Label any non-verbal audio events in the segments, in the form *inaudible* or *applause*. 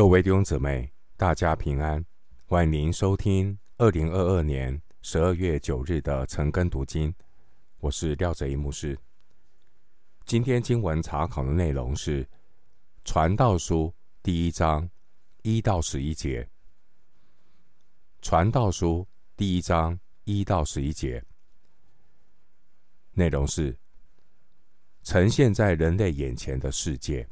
各位弟兄姊妹，大家平安！歡迎您收聽二零二二年十二月九日的晨更讀經。我是廖澤儀牧師。今天經文查考的內容是《傳道書》第一章一到十一節，《傳道書》第一章一到十一節內容是呈現在人類眼前的世界。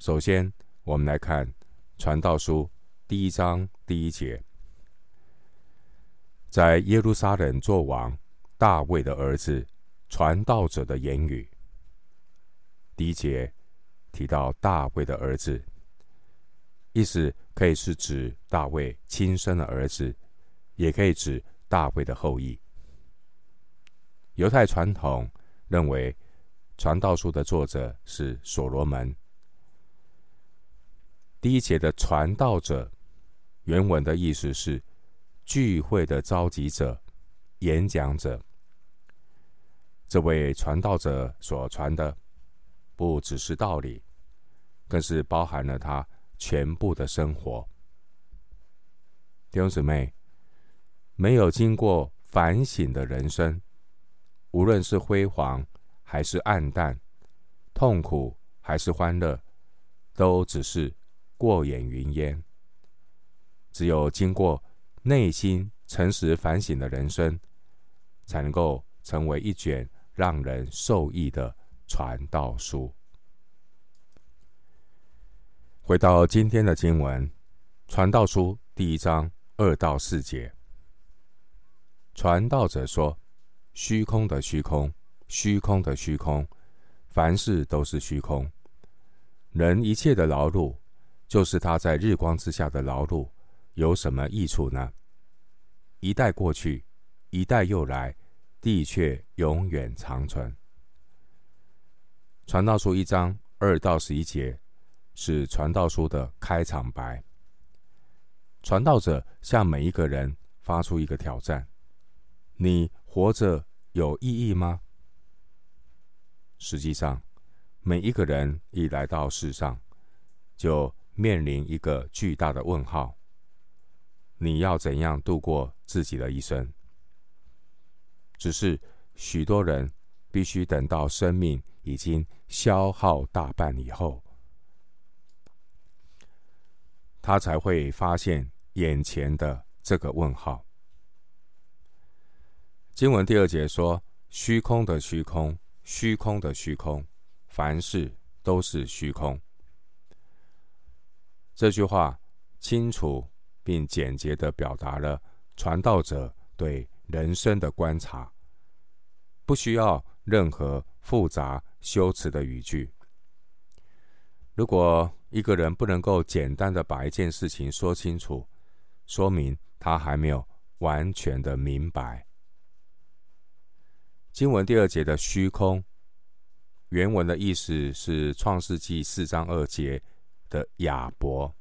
首先，我們來看《傳道書》第一章第一節，在耶路撒冷作王大衛的兒子，傳道者的言語。第一節提到大衛的兒子，意思可以是指大衛親生的兒子，也可以指大衛的後裔。猶太傳統認為，《傳道書》的作者是所羅門。第一節的傳道者，原文的意思是聚會的召集者、演講者。這位傳道者所傳的，不只是道理，更是包含了他全部的生活。弟兄姊妹，沒有經過反省的人生，無論是輝煌還是暗淡，痛苦還是歡樂，都只是過眼雲煙，只有經過內心誠實反省的人生，才能夠成為一卷讓人受益的傳道書。回到今天的經文，《傳道書》第一章二到四節，傳道者說：“虛空的虛空，虛空的虛空，凡事都是虛空。人一切的勞碌，”就是他在日光之下的勞碌，有什麼益處呢？一代過去，一代又來，地卻永遠長存。傳道書一章二到十一節是傳道書的開場白。傳道者向每一個人發出一個挑戰：你活着有意義嗎？實際上，每一個人一來到世上，就面臨一個巨大的問號，你要怎樣度過自己的一生？只是許多人必須等到生命已經消耗大半以後，他才會發現眼前的這個問號。經文第二節說：“虛空的虛空，虛空的虛空，凡事都是虛空。”這句話清楚並簡潔的表達了傳道者對人生的觀察，不需要任何複雜修辭的語句。如果一個人不能夠簡單的把一件事情說清楚，說明他還沒有完全的明白。經文第二節的虛空，原文的意思是《創世記》四章二節。的亞伯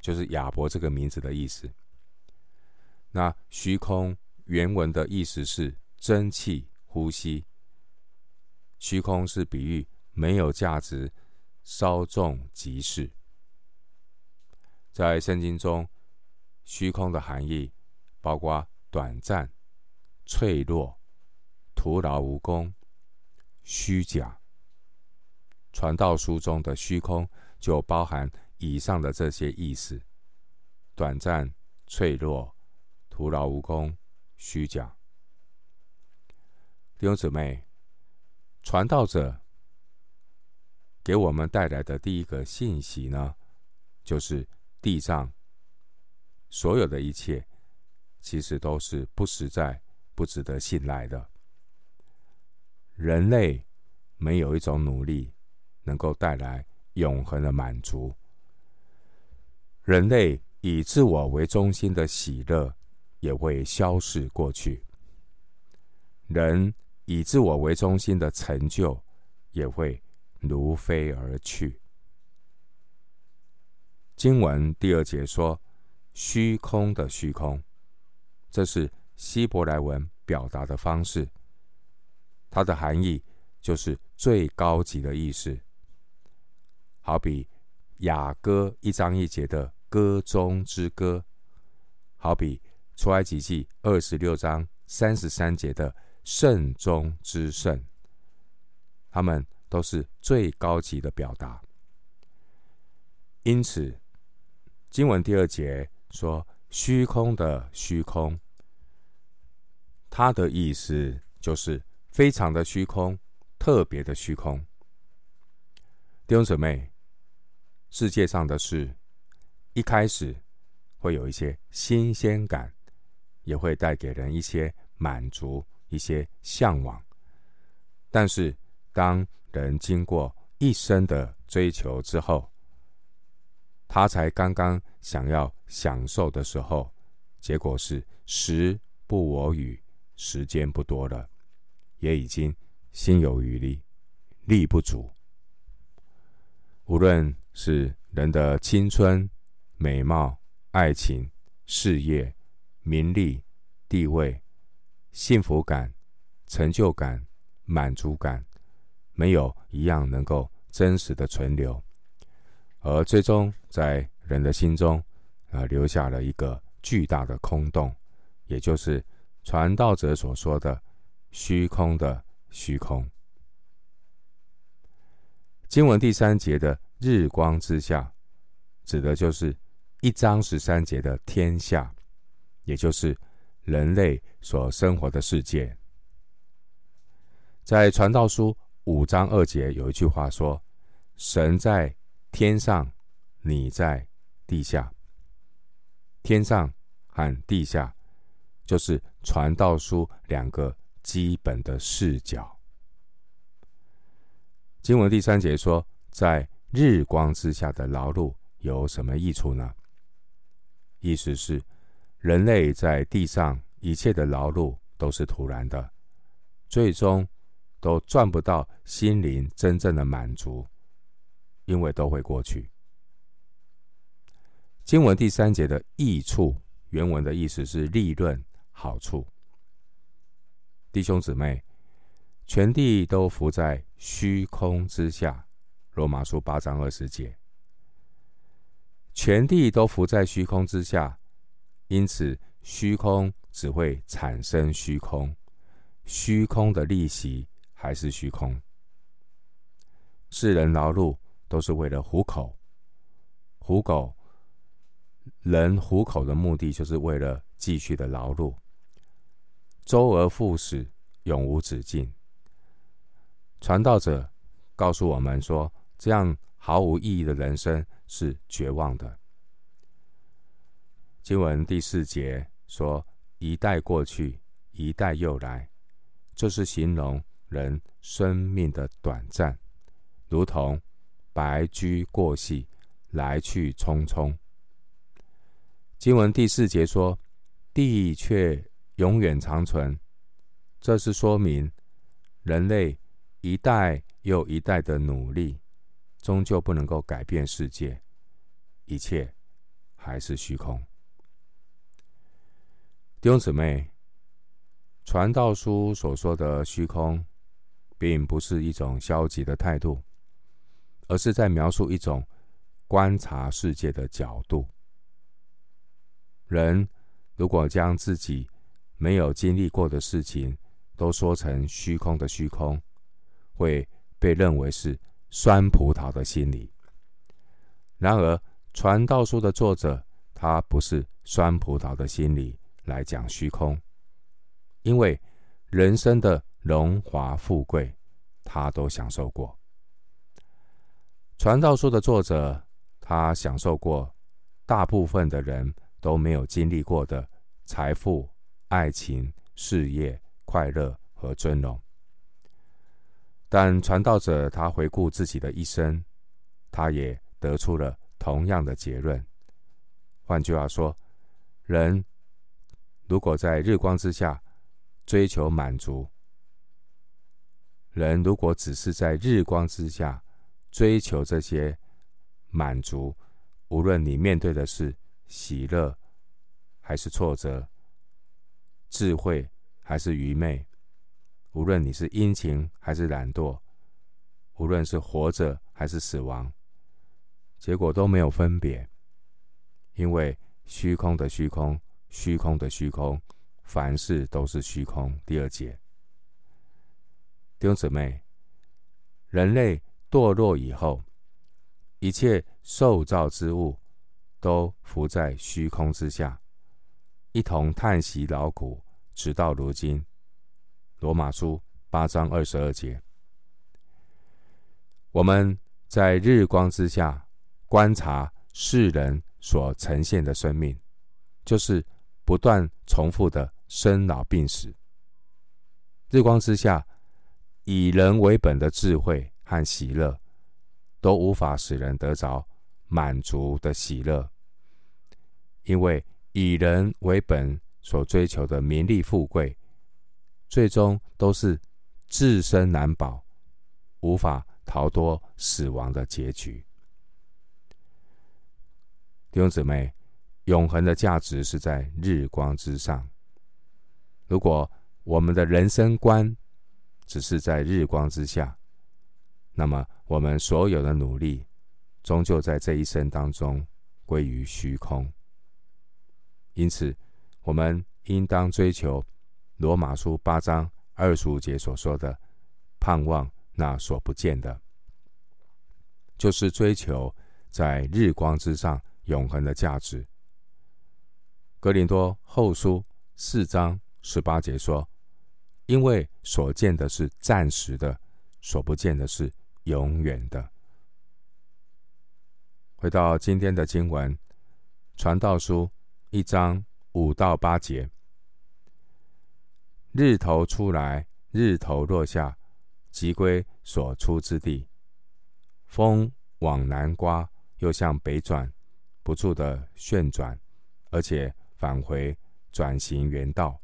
就是亞伯這個名字的意思。那虛空原文的意思是“蒸汽呼吸”，虛空是比喻沒有價值、稍縱即逝。在聖經中，虛空的含義包括短暫、脆弱、徒勞無功、虛假。傳道書中的虛空。就包含以上的這些意思：短暫、脆弱、徒勞無功、虛假。弟兄姊妹，傳道者給我們帶來的第一個信息呢，就是地上所有的一切其實都是不實在、不值得信賴的。人類沒有一種努力能夠帶來。永恆的滿足，人類以自我為中心的喜樂也會消逝過去，人以自我為中心的成就也會如飛而去。經文第二節說：“虛空的虛空”，這是希伯來文表達的方式，它的含義就是最高級的意思。好比雅歌一章一節的歌中之歌，好比出埃及記二十六章三十三節的聖中之聖，他們都是最高級的表達。因此，經文第二節說“虛空的虛空”，它的意思就是非常的虛空，特別的虛空。弟兄姊妹。世界上的事，一開始會有一些新鮮感，也會帶給人一些滿足、一些嚮往。但是，當人經過一生的追求之後，他才剛剛想要享受的時候，結果是時不我與，時間不多了，也已經心有餘力，力不足。無論。是人的青春、美貌、愛情、事業、名利、地位、幸福感、成就感、滿足感，沒有一樣能夠真實的存留，而最終在人的心中，啊、呃，留下了一個巨大的空洞，也就是傳道者所說的“虛空的虛空”。經文第三節的。日光之下，指的就是一章十三節的天下，也就是人類所生活的世界。在傳道書五章二節有一句話說：“神在天上，你在地下。”天上和地下，就是傳道書兩個基本的視角。經文第三節說：“在。”日光之下的勞碌有什麼益處呢？意思是，人類在地上一切的勞碌都是徒然的，最終都賺不到心靈真正的滿足，因為都會過去。經文第三節的益處，原文的意思是利潤、好處。弟兄姊妹，全地都服在虛空之下。《羅馬書》八章二十節，全地都伏在虛空之下，因此虛空只會產生虛空，虛空的利息還是虛空。世人勞碌都是為了糊口，糊口，人糊口的目的就是為了繼續的勞碌，周而復始，永無止境。傳道者告訴我們說。這樣毫無意義的人生是絕望的。經文第四節說：“一代過去，一代又來。就”這是形容人生命的短暫，如同白駒過隙，來去匆匆。經文第四節說：“地卻永遠長存。”這是說明人類一代又一代的努力。終究不能夠改變世界，一切還是虛空。弟兄姊妹，傳道書所說的虛空，並不是一種消極的態度，而是在描述一種觀察世界的角度。人如果將自己沒有經歷過的事情都說成虛空的虛空，會被認為是。酸葡萄的心理。然而，傳道書的作者他不是酸葡萄的心理來講虛空，因為人生的榮華富貴他都享受過。傳道書的作者他享受過大部分的人都沒有經歷過的財富、愛情、事業、快樂和尊榮。但傳道者他回顧自己的一生，他也得出了同樣的結論。換句話說，人如果在日光之下追求滿足，人如果只是在日光之下追求這些滿足，無論你面對的是喜樂還是挫折，智慧還是愚昧。無論你是殷勤還是懶惰，無論是活着還是死亡，結果都沒有分別，因為虛空的虛空，虛空的虛空，凡事都是虛空。第二節，弟兄姊妹，人類墮落以後，一切受造之物都服在虛空之下，一同嘆息勞苦，直到如今。羅馬書八章二十二節，我們在日光之下觀察世人所呈現的生命，就是不斷重複的生老病死。日光之下，以人為本的智慧和喜樂，都無法使人得着滿足的喜樂，因為以人為本所追求的名利富貴。最終都是自身難保，無法逃脫死亡的結局。弟兄姊妹，永恆的價值是在日光之上。如果我們的人生觀只是在日光之下，那麼我們所有的努力，終究在這一生當中歸於虛空。因此，我們應當追求。羅馬書八章二十五節所說的“盼望那所不見的”，就是追求在日光之上永恆的價值。格林多後書四章十八節說：“因為所見的是暫時的，所不見的是永遠的。”回到今天的經文，傳道書一章五到八節。日頭出來，日頭落下，急歸所出之地。風往南刮，又向北轉，不住地旋轉，而且返回，轉行原道。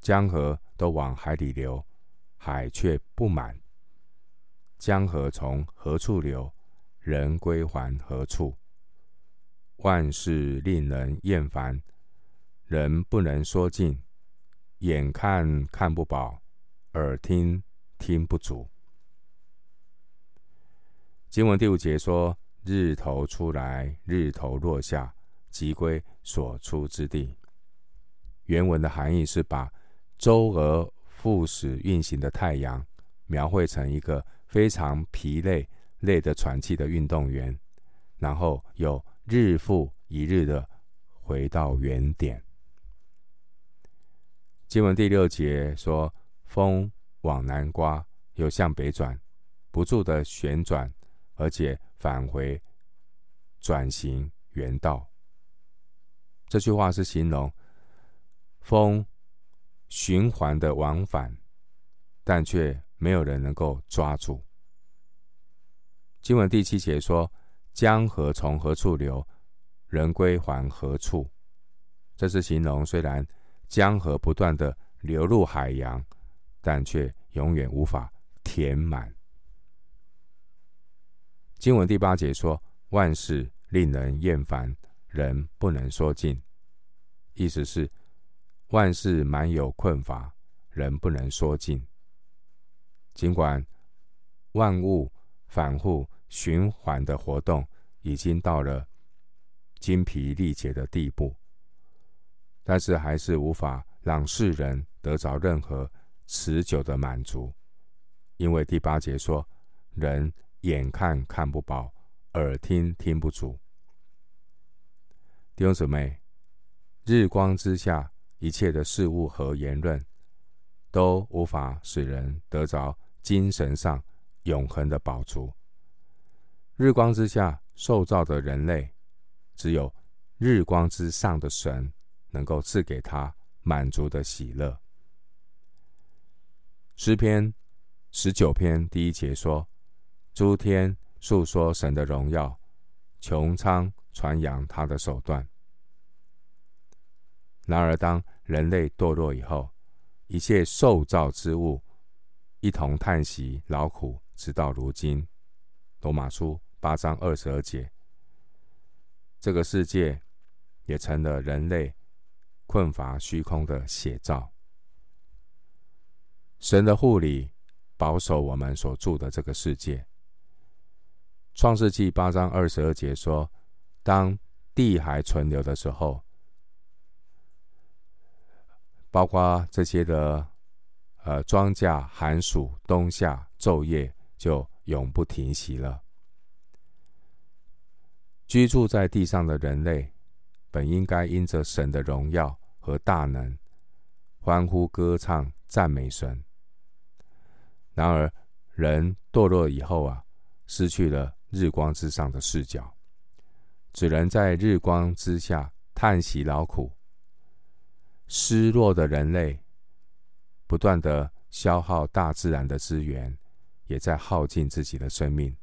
江河都往海裡流，海卻不滿。江河從何處流，仍歸還何處。萬事令人厭煩，人不能說盡。眼看看不飽，耳聽聽不足。經文第五節說：“日頭出來，日頭落下，急歸所出之地。”原文的含義是把週而復始運行的太陽，描繪成一個非常疲累、累得喘氣的運動員，然後又日復一日的回到原點。經文第六節說：“風往南刮，又向北轉，不住地旋轉，而且返回，轉行原道。”這句話是形容風循環的往返，但卻沒有人能夠抓住。經文第七節說：“江河從何處流，仍歸還何處？”這是形容雖然。江河不斷的流入海洋，但卻永遠無法填滿。經文第八節說：“萬事令人厭煩，人不能說盡。”意思是萬事滿有困乏，人不能說盡。儘管萬物反覆循環的活動已經到了精疲力竭的地步。但是還是無法讓世人得着任何持久的滿足，因為第八節說：“人眼看看不飽，耳聽聽不足。”弟兄姊妹，日光之下一切的事物和言論，都無法使人得着精神上永恆的飽足。日光之下受造的人類，只有日光之上的神，能夠賜給他滿足的喜樂。詩篇十九篇第一節說：“諸天述說神的榮耀，穹蒼傳揚他的手段。”然而，當人類墮落以後，一切受造之物一同嘆息勞苦，直到如今。羅馬書八章二十二節，這個世界也成了人類困乏虛空的寫照。神的護理保守我們所住的這個世界。創世記八章二十二節說：“當地還存留的時候，包括這些的，呃，莊稼、寒暑、冬夏、晝夜，就永不停息了。居住在地上的人類，本應該因着神的榮耀。”和大能歡呼、歌唱、讚美神。然而，人墮落以後啊，失去了日光之上的視角，只能在日光之下嘆息勞苦。失落的人類，不斷的消耗大自然的資源，也在耗盡自己的生命。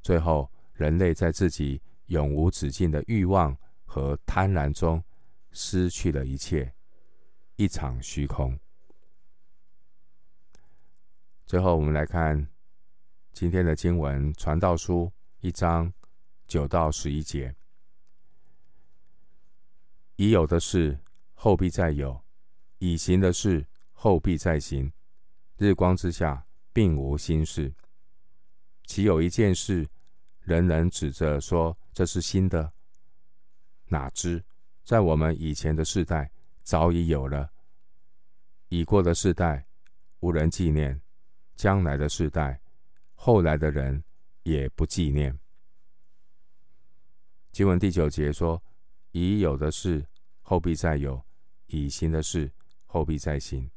最後，人類在自己永無止境的慾望和貪婪中。失去了一切，一場虛空。最後，我們來看今天的經文，《傳道書》一章九到十一節：已有的事，後必再有；已行的事，後必再行。日光之下，並無新事。豈有一件事，人人指着說這是新的，哪知，在我們以前的世代早已有了。已過的世代，無人紀念將來的世代，後來的人也不紀念。經文第九節說：“已有的事，後必再有；已行的事，後必再行。”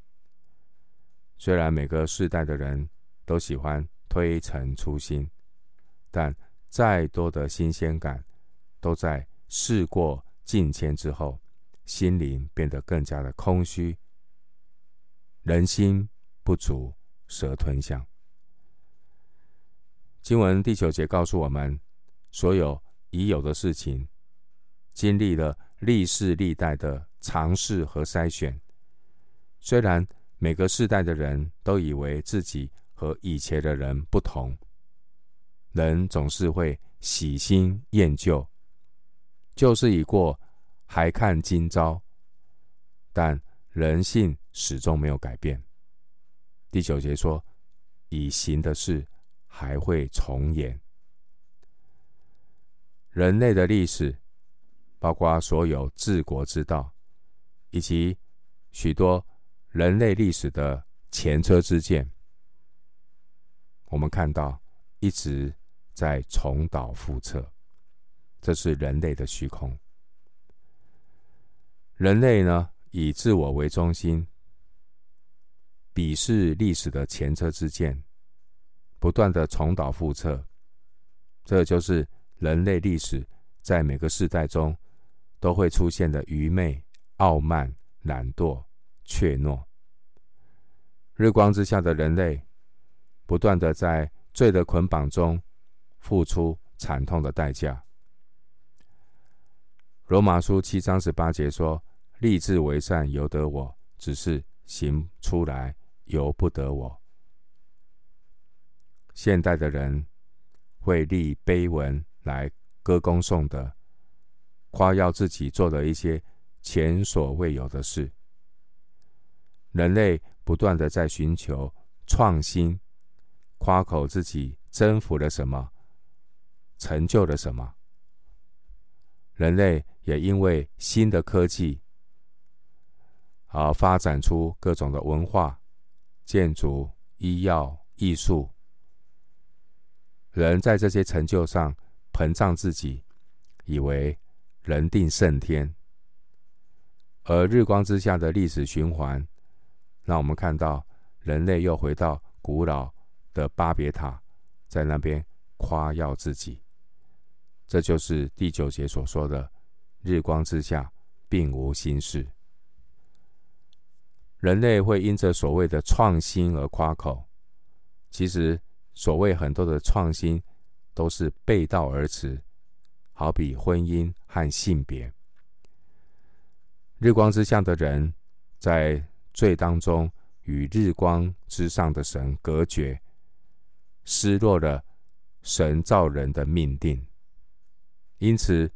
雖然每個世代的人都喜歡推陳出新，但再多的新鮮感，都在試過。進遷之後，心靈變得更加的空虛，人心不足蛇吞象。經文第九節告訴我們，所有已有的事情，經歷了歷世歷代的嘗試和篩選。雖然每個世代的人都以為自己和以前的人不同，人總是會喜新厭舊。就是已過，還看今朝。但人性始終沒有改變。第九節說，已行的事還會重演。人類的歷史，包括所有治國之道，以及許多人類歷史的前車之鑒，我們看到一直在重蹈覆轍。這是人類的虛空。人類呢，以自我為中心，鄙視歷史的前車之鑑，不斷的重蹈覆轍。這就是人類歷史在每個世代中都會出現的愚昧、傲慢、懶惰、怯懦。日光之下的人類，不斷的在罪的捆綁中付出慘痛的代價。羅馬書七章十八節說：“立志為善由得我，只是行出來由不得我。”現代的人會立碑文來歌功頌德，誇耀自己做了一些前所未有的事。人類不斷的在尋求創新，誇口自己征服了什麼，成就了什麼。人類。也因為新的科技，而發展出各種的文化、建築、醫藥、藝術，人在這些成就上膨脹自己，以為人定勝天。而日光之下的歷史循環，讓我們看到人類又回到古老的巴別塔，在那邊誇耀自己。這就是第九節所說的。日光之下，並無新事。人類會因着所謂的創新而誇口，其實所謂很多的創新，都是背道而馳。好比婚姻和性別。日光之下的人，在罪當中與日光之上的神隔絕，失落了神造人的命定。因此，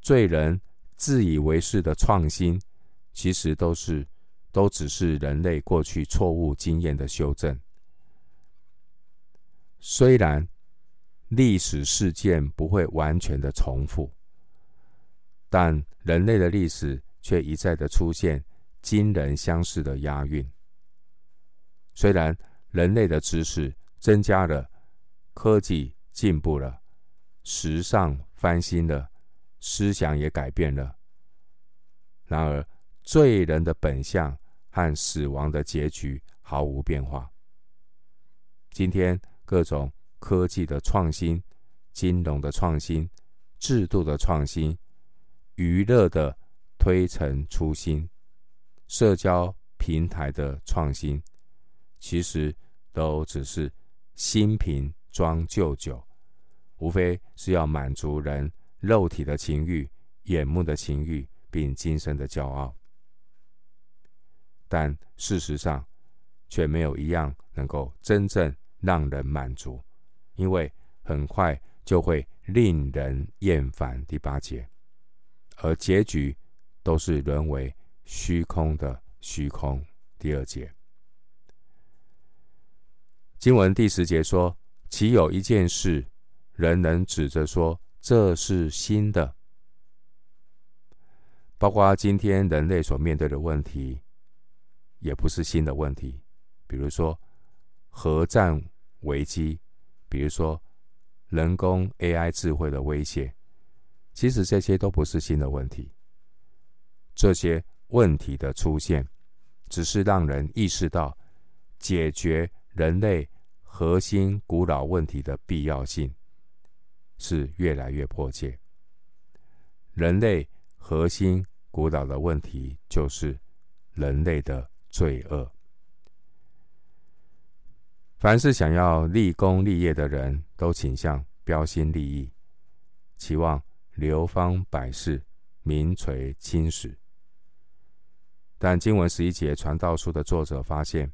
罪人。自以為是的創新，其實都是都只是人類過去錯誤經驗的修正。雖然歷史事件不會完全的重複，但人類的歷史卻一再的出現驚人相似的押韻。雖然人類的知識增加了，科技進步了，時尚翻新了，思想也改變了，然而罪人的本相和死亡的結局毫無變化。今天各種科技的創新、金融的創新、制度的創新、娛樂的推陳出新、社交平台的創新，其實都只是新瓶裝舊酒，無非是要滿足人。肉體的情欲、眼目的情欲，並今生的驕傲，但事實上卻沒有一樣能夠真正讓人滿足，因為很快就會令人厭煩。第八節，而結局都是淪為虛空的虛空。第二節，經文第十節說：豈有一件事人能指着說這是新的，包括今天人類所面對的問題，也不是新的問題。比如說核戰危機，比如說人工 AI 智慧的威脅，其實這些都不是新的問題。這些問題的出現，只是讓人意識到解決人類核心古老問題的必要性。是越來越迫切。人類核心古老的問題就是人類的罪惡。凡是想要立功立業的人，都傾向標新立異，期望流芳百世、名垂青史。但經文十一節傳道書的作者發現，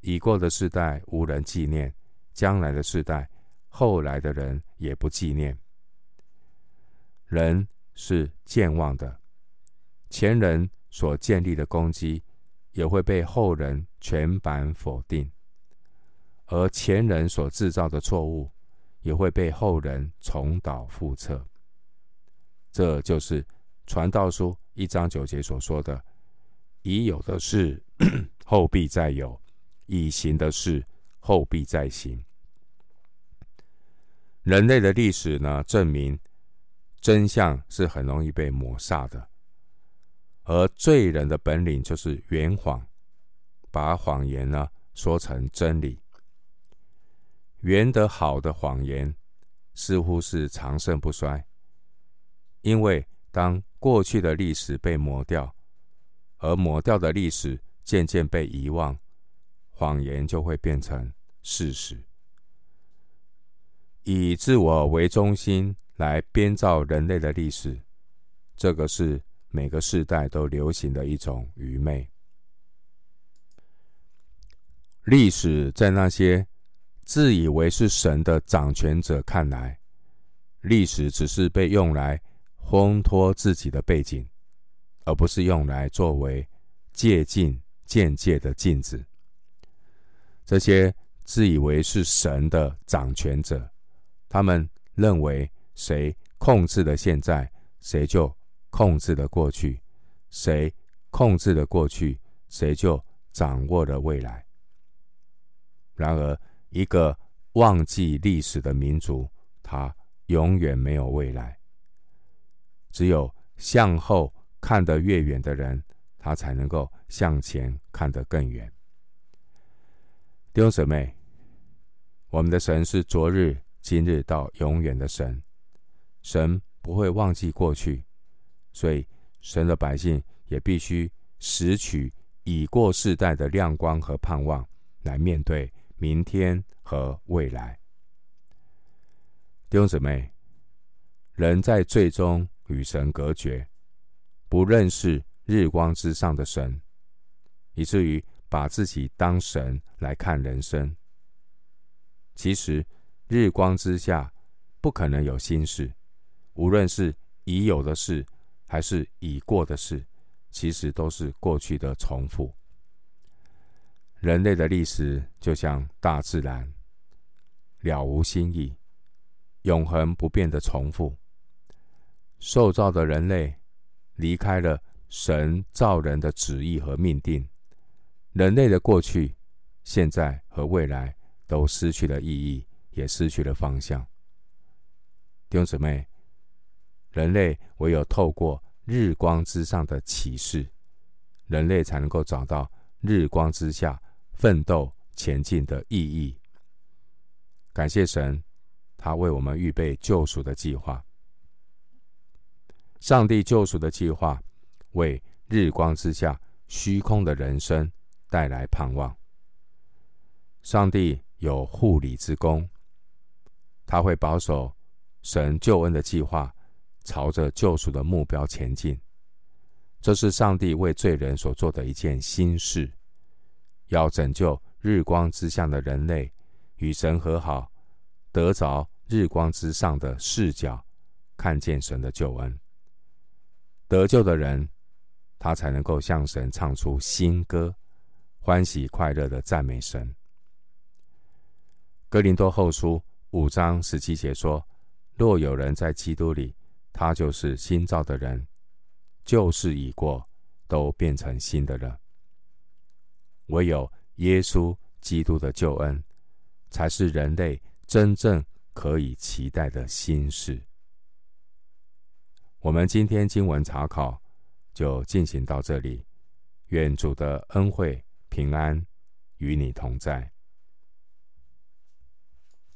已過的世代無人紀念，將來的世代。後來的人也不紀念，人是健忘的，前人所建立的功績也會被後人全盤否定；而前人所製造的錯誤，也會被後人重蹈覆轍。這就是《傳道書》一章九節所說的：“已有的事， *coughs* 後必再有；已行的事，後必再行。”人類的歷史呢，證明真相是很容易被抹煞的。而罪人的本領就是圓謊，把謊言呢說成真理。圓得好的謊言，似乎是長盛不衰，因為當過去的歷史被抹掉，而抹掉的歷史漸漸被遺忘，謊言就會變成事實。以自我為中心來編造人類的歷史，這個是每個時代都流行的一種愚昧。歷史在那些自以為是神的掌權者看來，歷史只是被用來烘托自己的背景，而不是用來作為借鑒鑒戒的鏡子。這些自以為是神的掌權者。他們認為，誰控制了現在，誰就控制了過去；誰控制了過去，誰就掌握了未來。然而，一個忘記歷史的民族，他永遠沒有未來。只有向後看得越遠的人，他才能夠向前看得更遠。弟兄姊妹，我們的神是昨日。今日到永遠的神，神不會忘記過去，所以神的百姓也必須拾取已過世代的亮光和盼望，來面對明天和未來。弟兄姊妹，人在最終與神隔絕，不認識日光之上的神，以至於把自己當神來看人生，其實。日光之下，不可能有新事。無論是已有的事，還是已過的事，其實都是過去的重複。人類的歷史就像大自然，了無新意，永恆不變的重複。受造的人類離開了神造人的旨意和命定，人類的過去、現在和未來都失去了意義。也失去了方向。弟兄姊妹，人類唯有透過日光之上的啟示，人類才能夠找到日光之下奮鬥前進的意義。感謝神，他為我們預備救贖的計劃。上帝救贖的計劃，為日光之下虛空的人生帶來盼望。上帝有護理之功。他會保守神救恩的計劃，朝着救贖的目標前進。這是上帝為罪人所做的一件新事，要拯救日光之下的人類，與神和好，得着日光之上的視角，看見神的救恩。得救的人，他才能夠向神唱出新歌，歡喜快樂的讚美神。哥林多後書五章十七節說：“若有人在基督裡，他就是新造的人，舊事已過，都變成新的人。唯有耶穌基督的救恩，才是人類真正可以期待的新事。”我們今天經文查考就進行到這裡，願主的恩惠平安與你同在。